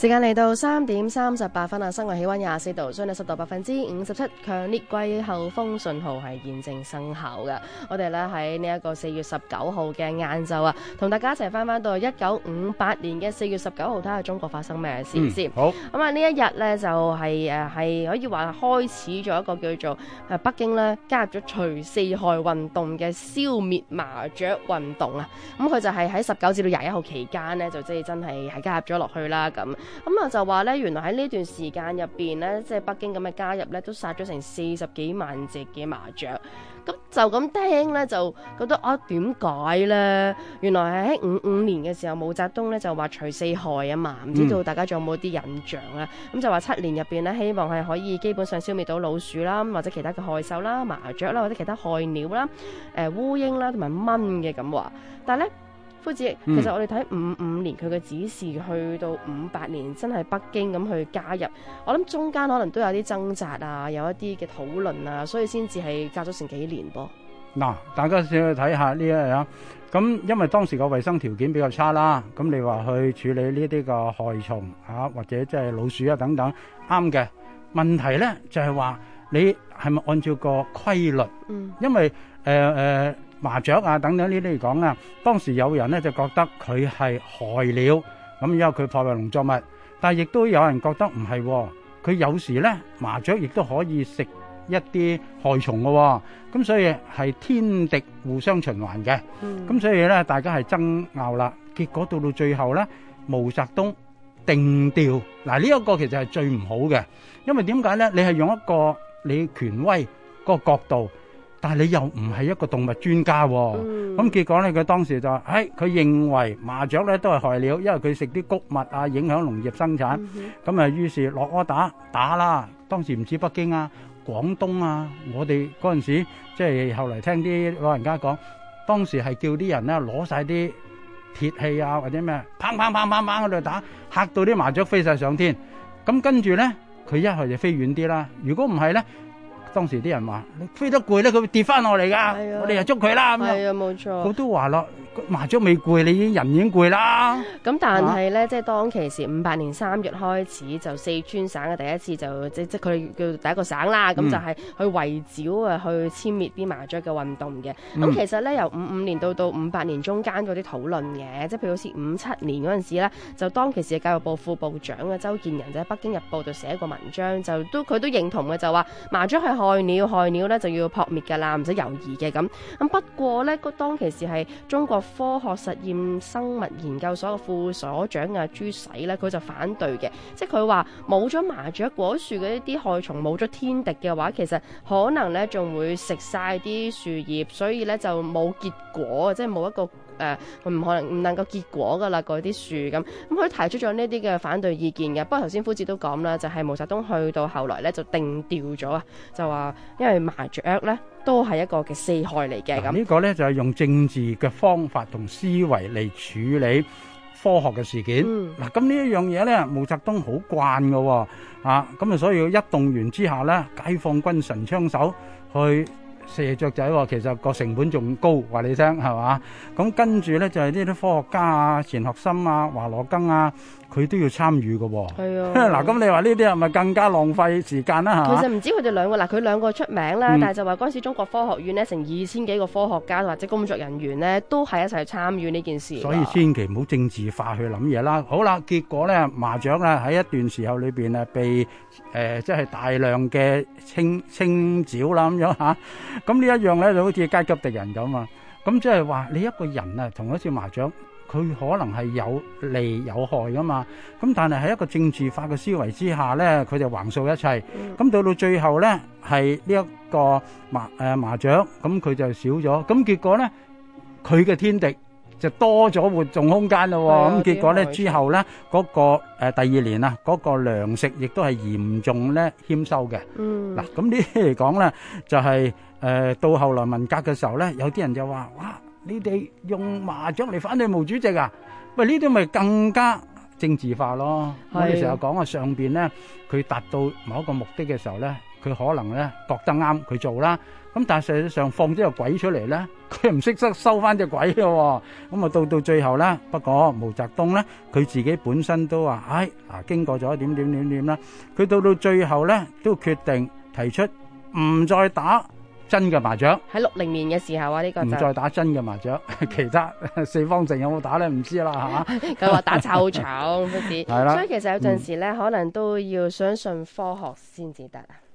時間嚟到三點三十八分啊！室外氣溫廿四度，相對濕度百分之五十七，強烈季候風信號係現正生效嘅。我哋咧喺呢一個四月十九號嘅晏晝啊，同大家一齊翻翻到一九五八年嘅四月十九號，睇下中國發生咩事先、嗯。好咁啊！呢一日咧就係，誒係可以話開始咗一個叫做誒北京咧加入咗除四害運動嘅消滅麻雀運動啊。咁佢就係喺十九至到廿一號期間咧，就即、係、係真係係加入咗落去啦咁。咁啊就話咧，原來喺呢段時間入邊咧，即係北京咁嘅加入咧，都殺咗成四十幾萬隻嘅麻雀。咁就咁聽咧，就覺得啊點解咧？原來係喺五五年嘅時候，毛澤東咧就話除四害啊嘛，唔知道大家仲有冇啲印象啊？咁、嗯、就話七年入邊咧，希望係可以基本上消滅到老鼠啦，或者其他嘅害獸啦、麻雀啦或者其他害鳥啦、呃、烏蠅啦同埋蚊嘅咁話。但係咧。夫子，其實我哋睇五五年佢嘅指示、嗯、去到五八年，真係北京咁去加入，我諗中間可能都有啲掙扎啊，有一啲嘅討論啊，所以先至係隔咗成幾年噃。嗱，大家先去睇下呢一樣，咁因為當時個衛生條件比較差啦，咁你話去處理呢啲個害蟲啊或者即係老鼠啊等等，啱嘅。問題呢，就係、是、話你係咪按照個規律？嗯、因為誒誒。呃呃麻雀啊等等呢啲嚟講啊，當時有人咧就覺得佢係害鳥，咁然後佢破壞農作物，但係亦都有人覺得唔係，佢有時咧麻雀亦都可以食一啲害蟲嘅，咁所以係天敵互相循環嘅，咁所以咧大家係爭拗啦，結果到到最後咧，毛澤東定調，嗱呢一個其實係最唔好嘅，因為點解咧？你係用一個你權威個角度。但係你又唔係一個動物專家喎，咁結果咧，佢當時就話：唉，佢認為麻雀咧都係害鳥，因為佢食啲穀物啊，影響農業生產。咁啊，於是落窩打打啦。當時唔止北京啊，廣東啊，我哋嗰陣時即係後嚟聽啲老人家講，當時係叫啲人咧攞晒啲鐵器啊或者咩，砰砰砰砰砰喺度打，嚇到啲麻雀飛晒上天。咁跟住咧，佢一係就飛遠啲啦。如果唔係咧，當時啲人話：你飛得攰咧，佢會跌翻落嚟㗎。係啊，我哋又捉佢啦咁樣。係啊，冇錯，好多話咯。麻雀未攰，你已經人已經攰啦。咁但係咧，啊、即係當其時五八年三月開始，就四川省嘅第一次就即即佢叫第一個省啦。咁、嗯、就係去圍剿啊，去殲滅啲麻雀嘅運動嘅。咁、嗯、其實咧，由五五年到到五八年中間嗰啲討論嘅，即係譬如好似五七年嗰陣時咧，就當其時嘅教育部副部長嘅周建人就喺《北京日報》度寫過文章，就都佢都認同嘅，就話麻雀係害鳥，害鳥咧就要撲滅嘅啦，唔使猶豫嘅咁。咁不過咧，當其時係中國。科學實驗生物研究所嘅副所長阿、啊、朱駿咧，佢就反對嘅，即係佢話冇咗麻雀，果樹嗰一啲害蟲冇咗天敵嘅話，其實可能咧仲會食晒啲樹葉，所以咧就冇結果，即係冇一個誒唔、呃、可能唔能夠結果噶啦嗰啲樹咁。咁佢提出咗呢啲嘅反對意見嘅。不過頭先夫子都講啦，就係、是、毛澤東去到後來咧就定調咗啊，就話因為麻雀咧。都係一個嘅四害嚟嘅，咁呢個咧就係用政治嘅方法同思維嚟處理科學嘅事件。嗱，咁呢一樣嘢咧，毛澤東好慣㗎，啊，咁啊，所以一動員之下咧，解放軍神槍手去射雀仔，其實個成本仲高，話你聽係嘛？咁跟住咧就係呢啲科學家啊，錢學森啊，華羅庚啊。佢都要參與嘅喎，嗱、啊，咁 你話呢啲係咪更加浪費時間啦、啊？嚇，其實唔止佢哋兩個，嗱，佢兩個出名啦，嗯、但係就話嗰陣時中國科學院咧，成二千幾個科學家或者工作人員咧，都係一齊參與呢件事、啊，所以千祈唔好政治化去諗嘢啦。好啦，結果咧麻雀啦，喺一段時候裏邊啊，被誒即係大量嘅清清剿啦咁樣吓，咁呢一樣咧就好似階級敵人咁啊，咁即係話你一個人啊，同一隻麻雀。佢可能係有利有害噶嘛，咁但係喺一個政治化嘅思維之下咧，佢就橫掃一切。咁到到最後咧，係呢一個麻誒麻雀，咁佢就少咗。咁結果咧，佢嘅天敵就多咗活動空間咯。咁結果咧之後咧，嗰個誒第二年啊，嗰個糧食亦都係嚴重咧歉收嘅。嗱，咁呢啲嚟講咧，就係誒到後來文革嘅時候咧，有啲人就話哇～你哋用麻雀嚟反對毛主席啊？喂，呢啲咪更加政治化咯！我哋成日講啊，上邊咧佢達到某一個目的嘅時候咧，佢可能咧覺得啱佢做啦。咁但係實際上放咗個鬼出嚟咧，佢唔識得收翻隻鬼嘅喎。咁啊，到到最後咧，不過毛澤東咧，佢自己本身都話，唉，啊，經過咗一點點點點啦，佢到到最後咧都決定提出唔再打。真嘅麻雀喺六零年嘅時候啊，呢、這個唔再打真嘅麻雀，其他四方城有冇打咧？唔知道、啊、 啦嚇。佢話打臭蟲唔知，所以其實有陣時咧，嗯、可能都要相信科學先至得啊。